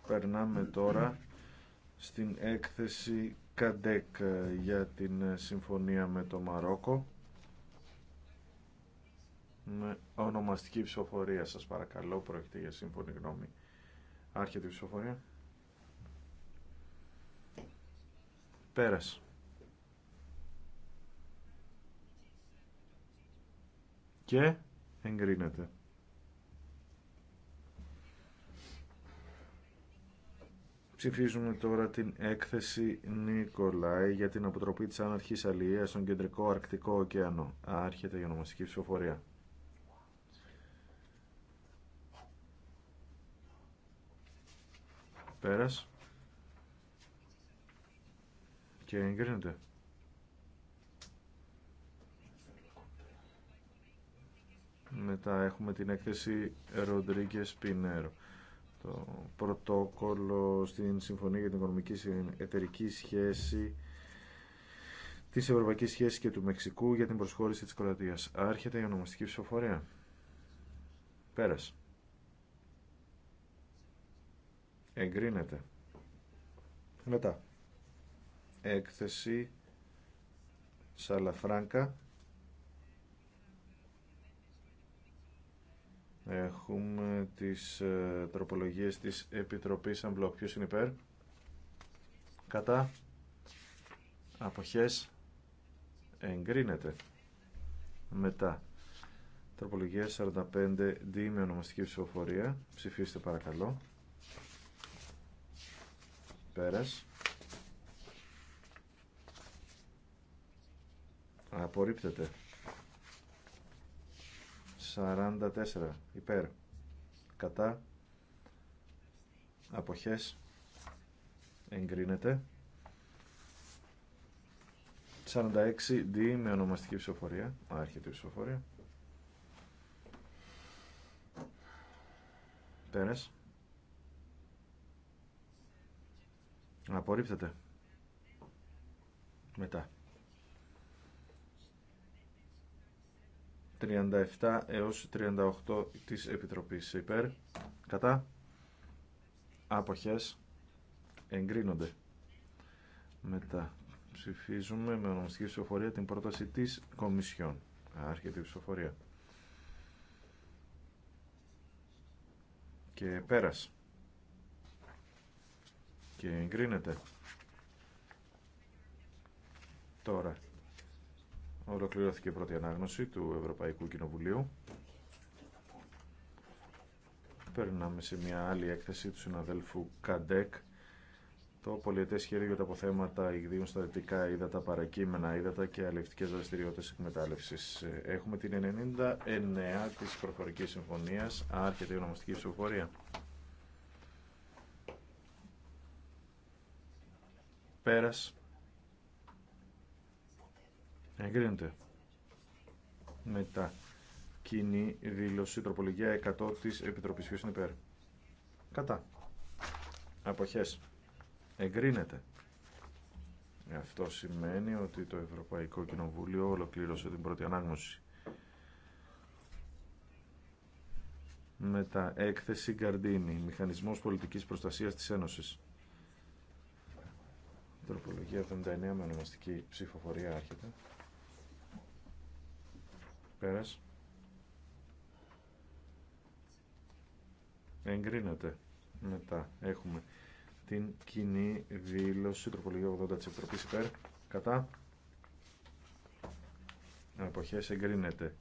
Περνάμε τώρα στην έκθεση Καντέκ ε, για την ε, συμφωνία με το Μαρόκο. Με ονομαστική ψηφοφορία σας παρακαλώ, πρόκειται για σύμφωνη γνώμη. Άρχεται η ψηφοφορία. πέρασε Και εγκρίνεται. Ψηφίζουμε τώρα την έκθεση Νικολάη για την αποτροπή της αναρχής αλληλείας στον κεντρικό Αρκτικό ωκεανό. Άρχεται η ονομαστική ψηφοφορία. Πέρας. Και εγκρίνεται. Μετά έχουμε την έκθεση Ροντρίγκε Πινέρο το πρωτόκολλο στην Συμφωνία για την Οικονομική Εταιρική Σχέση της Ευρωπαϊκής Σχέσης και του Μεξικού για την προσχώρηση της Κροατίας. Άρχεται η ονομαστική ψηφοφορία. Πέρας. Εγκρίνεται. Μετά. Έκθεση Σαλαφράνκα Έχουμε τις ε, τροπολογίες της Επιτροπής Αμπλοκ. Ποιος είναι υπέρ? Κατά. Αποχές. Εγκρίνεται. Μετά. Τροπολογία 45D με ονομαστική ψηφοφορία. Ψηφίστε παρακαλώ. Πέρας. Απορρίπτεται. 44 υπέρ κατά αποχές εγκρίνεται δι με ονομαστική ψηφοφορία άρχεται η ψηφοφορία πέρας απορρίπτεται μετά 37 έως 38 της Επιτροπής υπέρ κατά άποχες εγκρίνονται μετά ψηφίζουμε με ονομαστική ψηφοφορία την πρόταση της Κομισιόν άρχεται η ψηφοφορία και πέρας και εγκρίνεται τώρα Ολοκληρώθηκε η πρώτη ανάγνωση του Ευρωπαϊκού Κοινοβουλίου. Περνάμε σε μια άλλη έκθεση του συναδέλφου Καντέκ. Το πολιετέ σχέδιο για τα αποθέματα υγδίων στα δυτικά ύδατα, παρακείμενα ύδατα και αλληλευτικέ δραστηριότητε εκμετάλλευση. Έχουμε την 99 τη προφορική συμφωνία. Άρχεται η ονομαστική ψηφοφορία. Πέρας. Εγκρίνεται. Μετά. Κοινή δήλωση τροπολογία 100 της Επιτροπής. Ποιος είναι υπέρ. Κατά. Αποχές. Εγκρίνεται. Αυτό σημαίνει ότι το Ευρωπαϊκό Κοινοβούλιο ολοκλήρωσε την πρώτη ανάγνωση. Μετά. Έκθεση Γκαρντίνη. Μηχανισμός πολιτικής προστασίας της Ένωσης. Τροπολογία 79 με ονομαστική ψηφοφορία άρχεται. Πέρας. Εγκρίνεται. Μετά έχουμε την κοινή δήλωση τροπολογία 80 της Επιτροπής υπέρ. Κατά. Αποχές εγκρίνεται.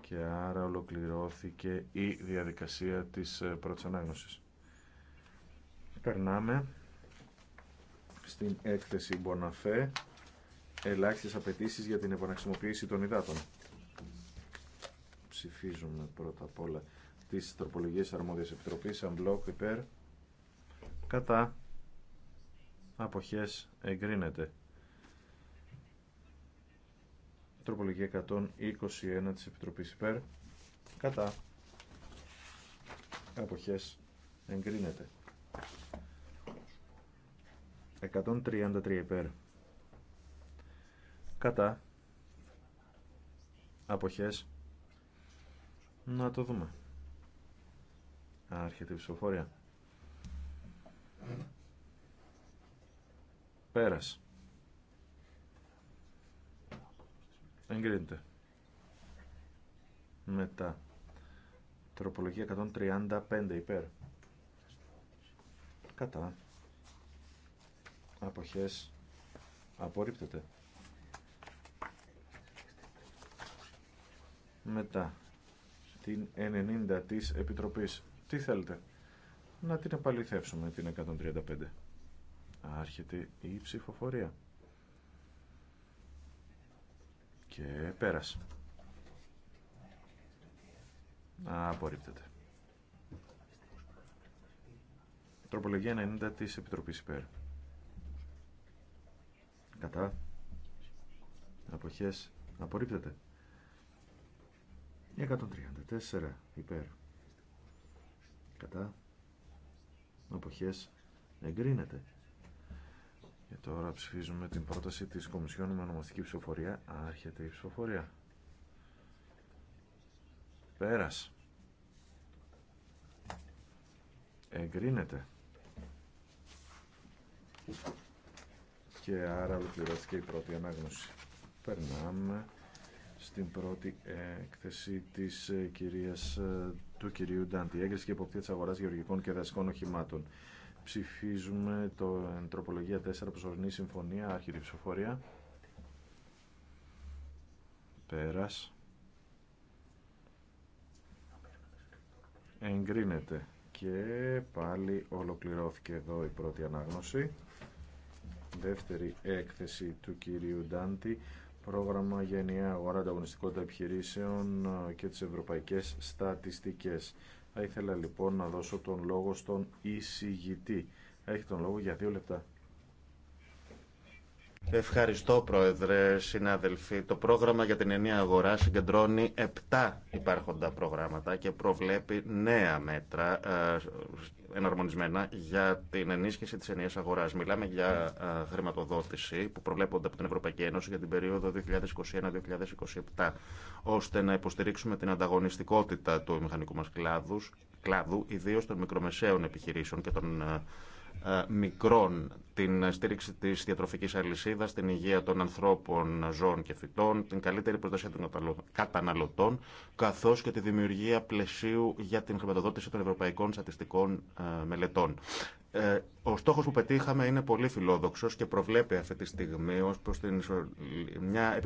Και άρα ολοκληρώθηκε η διαδικασία της ε, πρώτης ανάγνωσης. Περνάμε στην έκθεση Μποναφέ ελάχιστες απαιτήσει για την επαναξιμοποίηση των υδάτων ψηφίζουμε πρώτα απ' όλα τις τροπολογίες αρμόδιας επιτροπής unblock υπέρ κατά αποχές εγκρίνεται τροπολογία 121 της επιτροπής υπέρ κατά αποχές εγκρίνεται 133 υπέρ κατά αποχές να το δούμε. Άρχεται η ψηφοφορία. Πέρας. Εγκρίνεται. Μετά. Τροπολογία 135 υπέρ. Κατά. Αποχές. Απορρίπτεται. Μετά την 90 της Επιτροπής. Τι θέλετε, να την επαληθεύσουμε την 135. Άρχεται η ψηφοφορία. Και πέρασε. Απορρίπτεται. Τροπολογία 90 της Επιτροπής υπέρ. Κατά. Αποχές. Απορρίπτεται. 134 υπέρ κατά αποχές εγκρίνεται και τώρα ψηφίζουμε την πρόταση της Κομισιόν με ονομαστική ψηφοφορία άρχεται η ψηφοφορία πέρας εγκρίνεται και άρα ολοκληρώθηκε η πρώτη ανάγνωση περνάμε στην πρώτη έκθεση ε, της ε, κυρίας, ε, του κυρίου Ντάντη. Έγκριση και υποπτήρια της αγοράς γεωργικών και δασικών οχημάτων. Ψηφίζουμε το τροπολογία 4 προσωρινή συμφωνία, άρχιτη ψηφοφορία. Πέρας. Εγκρίνεται. Και πάλι ολοκληρώθηκε εδώ η πρώτη ανάγνωση. Δεύτερη έκθεση του κυρίου Ντάντη πρόγραμμα για ενιαία αγορά ανταγωνιστικότητα επιχειρήσεων ε, και τις ευρωπαϊκές στατιστικές. Θα ήθελα λοιπόν να δώσω τον λόγο στον εισηγητή. Έχει τον λόγο για δύο λεπτά. Ευχαριστώ, Πρόεδρε, συνάδελφοι. Το πρόγραμμα για την ενιαία αγορά συγκεντρώνει 7 υπάρχοντα προγράμματα και προβλέπει νέα μέτρα ε, εναρμονισμένα για την ενίσχυση τη ενιαία αγορά. Μιλάμε για ε, χρηματοδότηση που προβλέπονται από την Ευρωπαϊκή Ένωση για την περίοδο 2021-2027, ώστε να υποστηρίξουμε την ανταγωνιστικότητα του μηχανικού μα κλάδου, ιδίω των μικρομεσαίων επιχειρήσεων και των ε, ε, μικρών, την στήριξη της διατροφικής αλυσίδα, την υγεία των ανθρώπων, ζώων και φυτών, την καλύτερη προστασία των καταναλωτών, καθώς και τη δημιουργία πλαισίου για την χρηματοδότηση των ευρωπαϊκών στατιστικών ε, μελετών. Ε, ο στόχος που πετύχαμε είναι πολύ φιλόδοξος και προβλέπει αυτή τη στιγμή ως προς μια,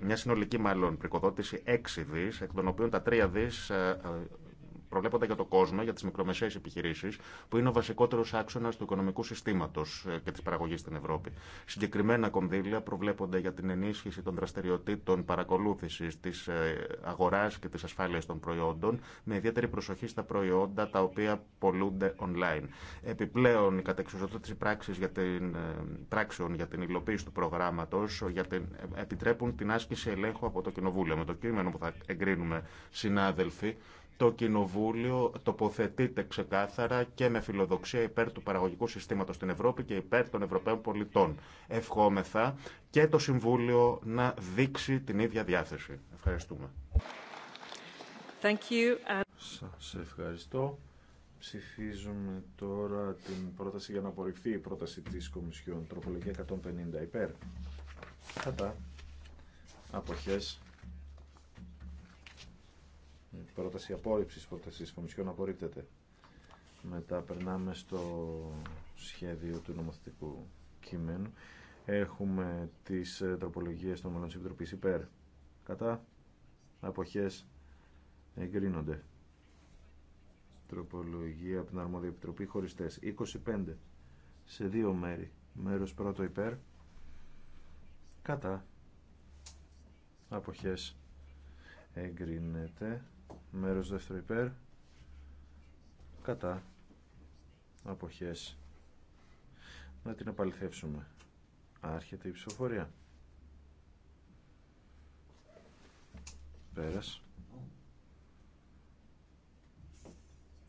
μια συνολική μάλλον πρικοδότηση 6 δι, εκ των οποίων τα 3 δι προβλέπονται για το κόσμο, για τι μικρομεσαίε επιχειρήσει, που είναι ο βασικότερο άξονα του οικονομικού συστήματο ε, και τη παραγωγή στην Ευρώπη. Συγκεκριμένα κονδύλια προβλέπονται για την ενίσχυση των δραστηριοτήτων παρακολούθηση τη ε, αγορά και τη ασφάλεια των προϊόντων, με ιδιαίτερη προσοχή στα προϊόντα τα οποία πολλούνται online. Επιπλέον, η κατεξουσιοδότηση ε, πράξεων για την υλοποίηση του προγράμματο επιτρέπουν την άσκηση ελέγχου από το Κοινοβούλιο. Με το κείμενο που θα εγκρίνουμε, συνάδελφοι, το Κοινοβούλιο τοποθετείται ξεκάθαρα και με φιλοδοξία υπέρ του παραγωγικού συστήματος στην Ευρώπη και υπέρ των Ευρωπαίων πολιτών. Ευχόμεθα και το Συμβούλιο να δείξει την ίδια διάθεση. Ευχαριστούμε. Thank Σας ευχαριστώ. Ψηφίζουμε τώρα την πρόταση για να απορριφθεί η πρόταση της Κομισιόν. Τροπολογία 150 υπέρ. Κατά. Αποχές πρόταση απόρριψης πρότασης Κομισιόν απορρίπτεται. Μετά περνάμε στο σχέδιο του νομοθετικού κειμένου. Έχουμε τις ε, τροπολογίες των μελών τη Επιτροπή υπέρ. Κατά αποχές εγκρίνονται. Τροπολογία από την Αρμόδια Επιτροπή χωριστές. 25 σε δύο μέρη. Μέρος πρώτο υπέρ. Κατά αποχές εγκρίνεται μέρος δεύτερο υπέρ κατά αποχές να την απαληθεύσουμε άρχεται η ψηφοφορία πέρας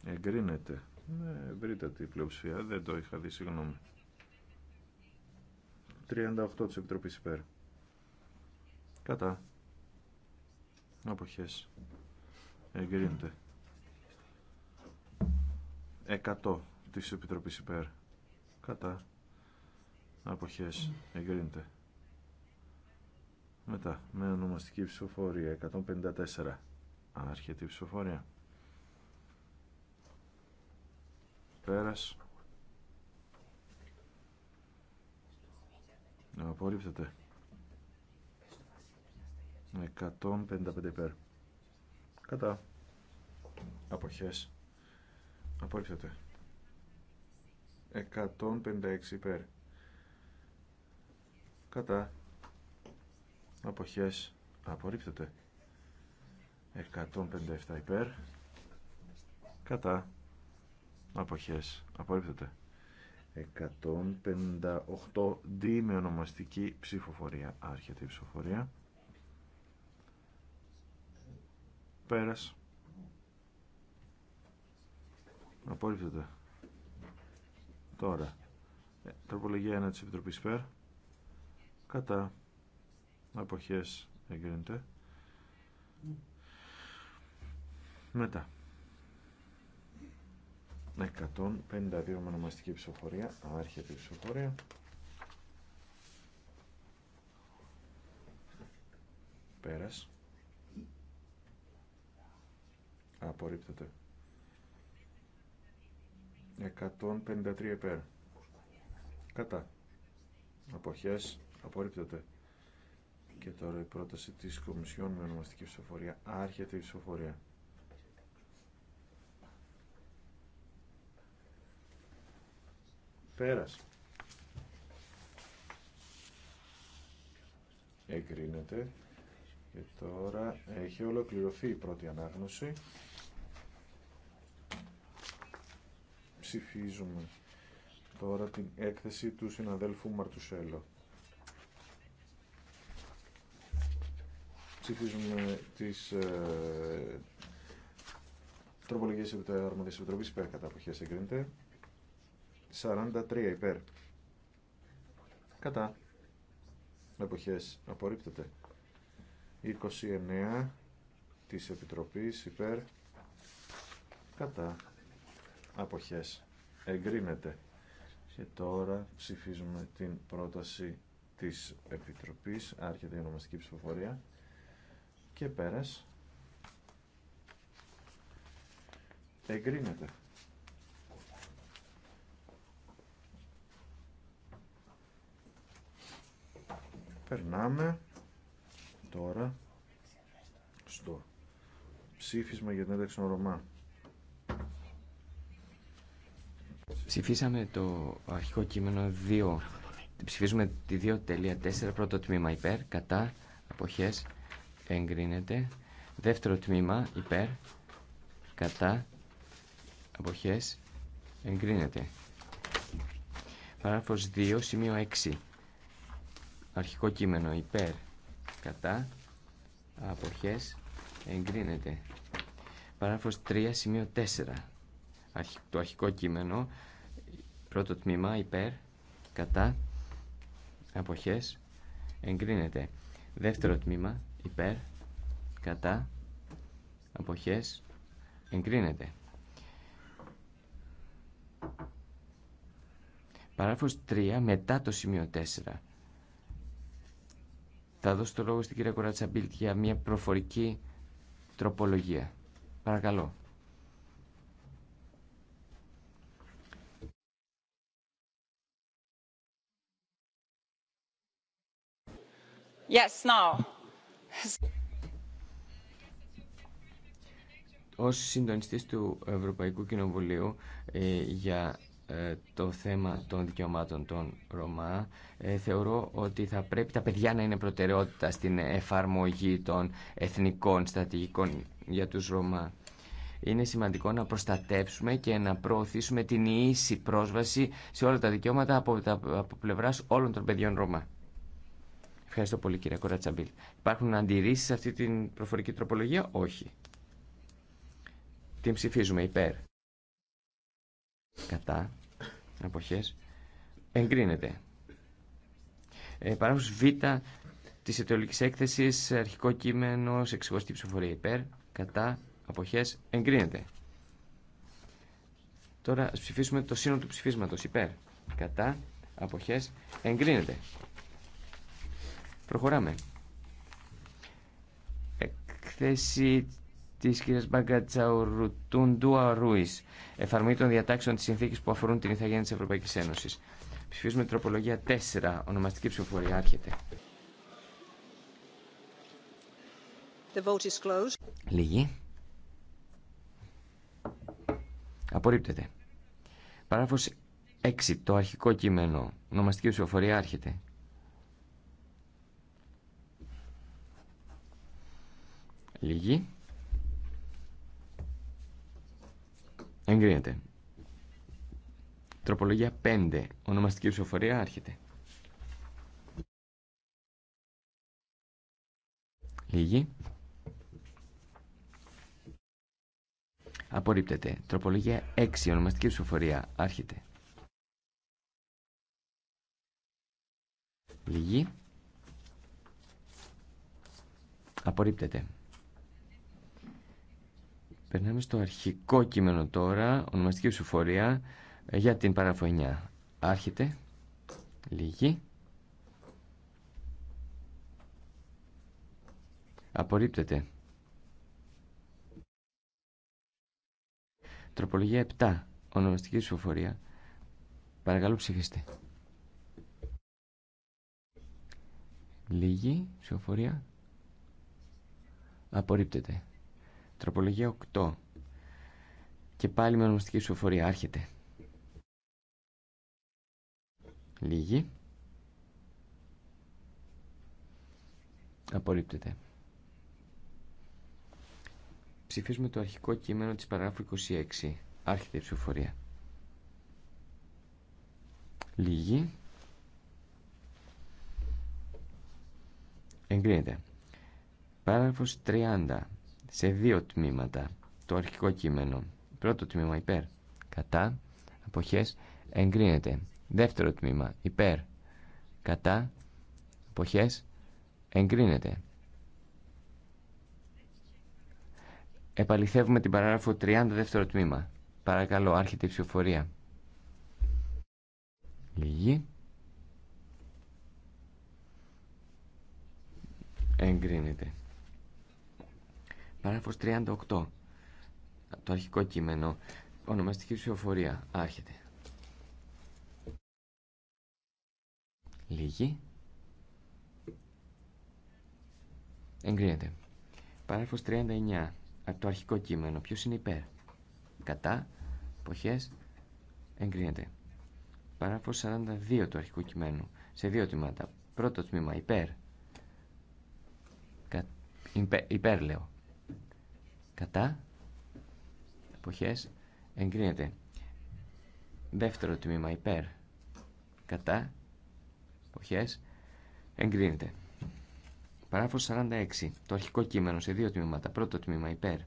εγκρίνεται ναι, την πλειοψηφία δεν το είχα δει συγγνώμη 38 της Επιτροπής υπέρ κατά αποχές εγκρίνεται 100 της Επιτροπής υπέρ κατά αποχές εγκρίνεται μετά με ονομαστική ψηφοφορία 154 άρχεται ψηφοφορία πέρας απορρίπτεται 155 υπέρ κατά αποχές απορρίπτεται 156 υπέρ κατά αποχές απορρίπτεται 157 υπέρ κατά αποχές απορρίπτεται 158 δι με ονομαστική ψηφοφορία άρχεται η ψηφοφορία Πέρας. Απορρίπτεται. Τώρα. Ε, τροπολογία 1 της Επιτροπής ΠΕΡ. Κατά. Αποχές εγκρίνεται. Μετά. 152 με ονομαστική ψηφοφορία. Άρχεται η ψηφοφορία. Πέρασε. απορρίπτεται 153 υπέρ κατά αποχές απορρίπτεται και τώρα η πρόταση της Κομισιόν με ονομαστική ψηφοφορία άρχεται η ψηφοφορία πέρας εγκρίνεται και τώρα έχει ολοκληρωθεί η πρώτη ανάγνωση ψηφίζουμε τώρα την έκθεση του συναδέλφου Μαρτουσέλο. Ψηφίζουμε τις ε, τροπολογίες επί τα επιτροπής υπέρ κατά εγκρίνεται. 43 υπέρ. Κατά. Εποχές απορρίπτεται. 29 της Επιτροπής υπέρ. Κατά αποχές εγκρίνεται. Και τώρα ψηφίζουμε την πρόταση της Επιτροπής. Άρχεται η ονομαστική ψηφοφορία. Και πέρας. Εγκρίνεται. Περνάμε τώρα στο ψήφισμα για την ένταξη των Ψηφίσαμε το αρχικό κείμενο 2. Ψηφίζουμε τη 2.4 πρώτο τμήμα υπέρ, κατά, αποχές, εγκρίνεται. Δεύτερο τμήμα υπέρ, κατά, αποχές, εγκρίνεται. Παράγραφος 2, σημείο 6. Αρχικό κείμενο υπέρ, κατά, αποχές, εγκρίνεται. Παράγραφος 3, σημείο 4 το αρχικό κείμενο. Πρώτο τμήμα υπέρ, κατά, αποχές, εγκρίνεται. Δεύτερο τμήμα υπέρ, κατά, αποχές, εγκρίνεται. Παράγραφος 3 μετά το σημείο 4. Θα δώσω το λόγο στην κυρία για μια προφορική τροπολογία. Παρακαλώ. Ως του Ευρωπαϊκού Κοινοβουλίου ε, για ε, το θέμα των δικαιωμάτων των Ρωμά ε, θεωρώ ότι θα πρέπει τα παιδιά να είναι προτεραιότητα στην εφαρμογή των εθνικών στρατηγικών για τους Ρωμά. Είναι σημαντικό να προστατέψουμε και να προωθήσουμε την ίση πρόσβαση σε όλα τα δικαιώματα από, τα, από πλευράς όλων των παιδιών Ρωμά. Ευχαριστώ πολύ κύριε Κορατσαμπίλ. Υπάρχουν αντιρρήσεις σε αυτή την προφορική τροπολογία. Όχι. Την ψηφίζουμε υπέρ. Κατά. Αποχές. Εγκρίνεται. Ε, Β της αιτιολογικής έκθεσης, αρχικό κείμενο, σε εξηγωστή ψηφοφορία υπέρ. Κατά. Αποχές. Εγκρίνεται. Τώρα ας ψηφίσουμε το σύνολο του ψηφίσματος υπέρ. Κατά. Αποχές. Εγκρίνεται. Προχωράμε. Εκθέση τη κυρία Μπαγκατσαουρουτούντου Αρούη. Εφαρμογή των διατάξεων τη συνθήκη που αφορούν την ηθαγένεια τη Ευρωπαϊκή Ένωση. Ψηφίζουμε τροπολογία 4. Ονομαστική ψηφοφορία. Άρχεται. The vote is Απορρίπτεται. 6. Το αρχικό κείμενο. Ονομαστική ψηφοφορία. Άρχεται. Λίγη. Εγκρίνεται. Τροπολογία 5. Ονομαστική ψηφοφορία άρχεται. Λίγη. Απορρίπτεται. Τροπολογία 6. Ονομαστική ψηφοφορία άρχεται. Λίγη. Απορρίπτεται. Περνάμε στο αρχικό κείμενο τώρα, ονομαστική ψηφορία ε, για την παραφωνιά. Άρχεται, λίγη. Απορρίπτεται. Τροπολογία 7, ονομαστική ψηφοφορία. Παρακαλώ ψηφίστε. Λίγη ψηφοφορία. Απορρίπτεται. Τροπολογία 8. Και πάλι με ονομαστική ψηφοφορία. Άρχεται. Λίγη. Απορρίπτεται. Ψηφίζουμε το αρχικό κείμενο της παράγραφου 26. Άρχεται η ψηφοφορία. Λίγη. Εγκρίνεται. Παράγραφος 30 σε δύο τμήματα το αρχικό κείμενο. Πρώτο τμήμα υπέρ, κατά, αποχές, εγκρίνεται. Δεύτερο τμήμα υπέρ, κατά, αποχές, εγκρίνεται. Επαληθεύουμε την παράγραφο 30 δεύτερο τμήμα. Παρακαλώ, άρχεται η ψηφοφορία. Λίγη. Εγκρίνεται. Παράγραφος 38. Το αρχικό κείμενο. Ονομαστική ψηφοφορία. Άρχεται. Λίγη. Εγκρίνεται. Παράγραφος 39. Από το αρχικό κείμενο. Ποιος είναι υπέρ. Κατά. Εποχές. Εγκρίνεται. Παράγραφος 42 το αρχικό κείμενο, Σε δύο τμήματα. Πρώτο τμήμα. Υπέρ. Υπέρ, υπέρ λέω. Κατά. εποχές... Εγκρίνεται. Δεύτερο τμήμα υπέρ. Κατά. εποχές... Εγκρίνεται. Παράφος 46. Το αρχικό κείμενο σε δύο τμήματα. Πρώτο τμήμα υπέρ.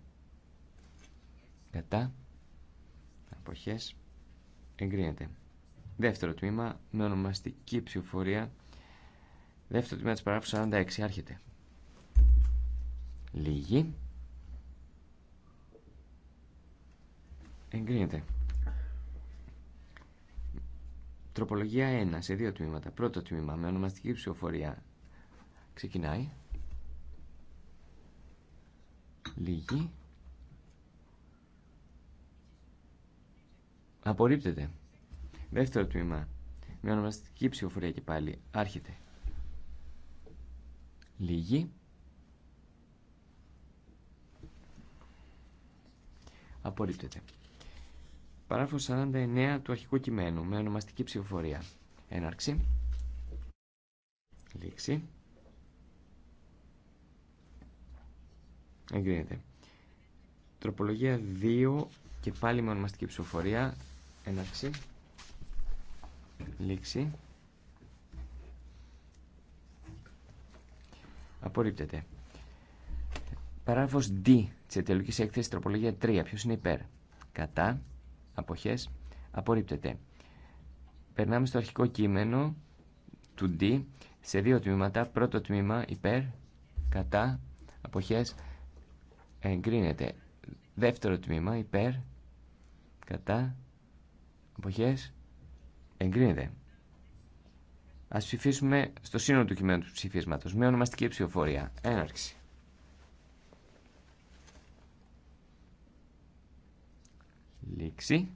Κατά. εποχές... Εγκρίνεται. Δεύτερο τμήμα με ονομαστική ψηφοφορία. Δεύτερο τμήμα της παράγραφου 46. Άρχεται. Λίγη. Εγκρίνεται. Τροπολογία 1 σε δύο τμήματα. Πρώτο τμήμα με ονομαστική ψηφοφορία. Ξεκινάει. Λίγη. Απορρίπτεται. Δεύτερο τμήμα. Με ονομαστική ψηφοφορία και πάλι. Άρχεται. Λίγη. Απορρίπτεται. Παράγραφος 49 του αρχικού κειμένου με ονομαστική ψηφοφορία. Έναρξη. Λήξη. Εγκρίνεται. Τροπολογία 2 και πάλι με ονομαστική ψηφοφορία. Έναρξη. Λήξη. Απορρίπτεται. Παράγραφος D της αιτιολογικής έκθεσης τροπολογία 3. Ποιος είναι υπέρ. Κατά αποχές απορρίπτεται. Περνάμε στο αρχικό κείμενο του D σε δύο τμήματα. Πρώτο τμήμα υπέρ, κατά, αποχές εγκρίνεται. Δεύτερο τμήμα υπέρ, κατά, αποχές εγκρίνεται. Ας ψηφίσουμε στο σύνολο του κειμένου του ψηφίσματος με ονομαστική ψηφοφορία. Έναρξη. Λήξη.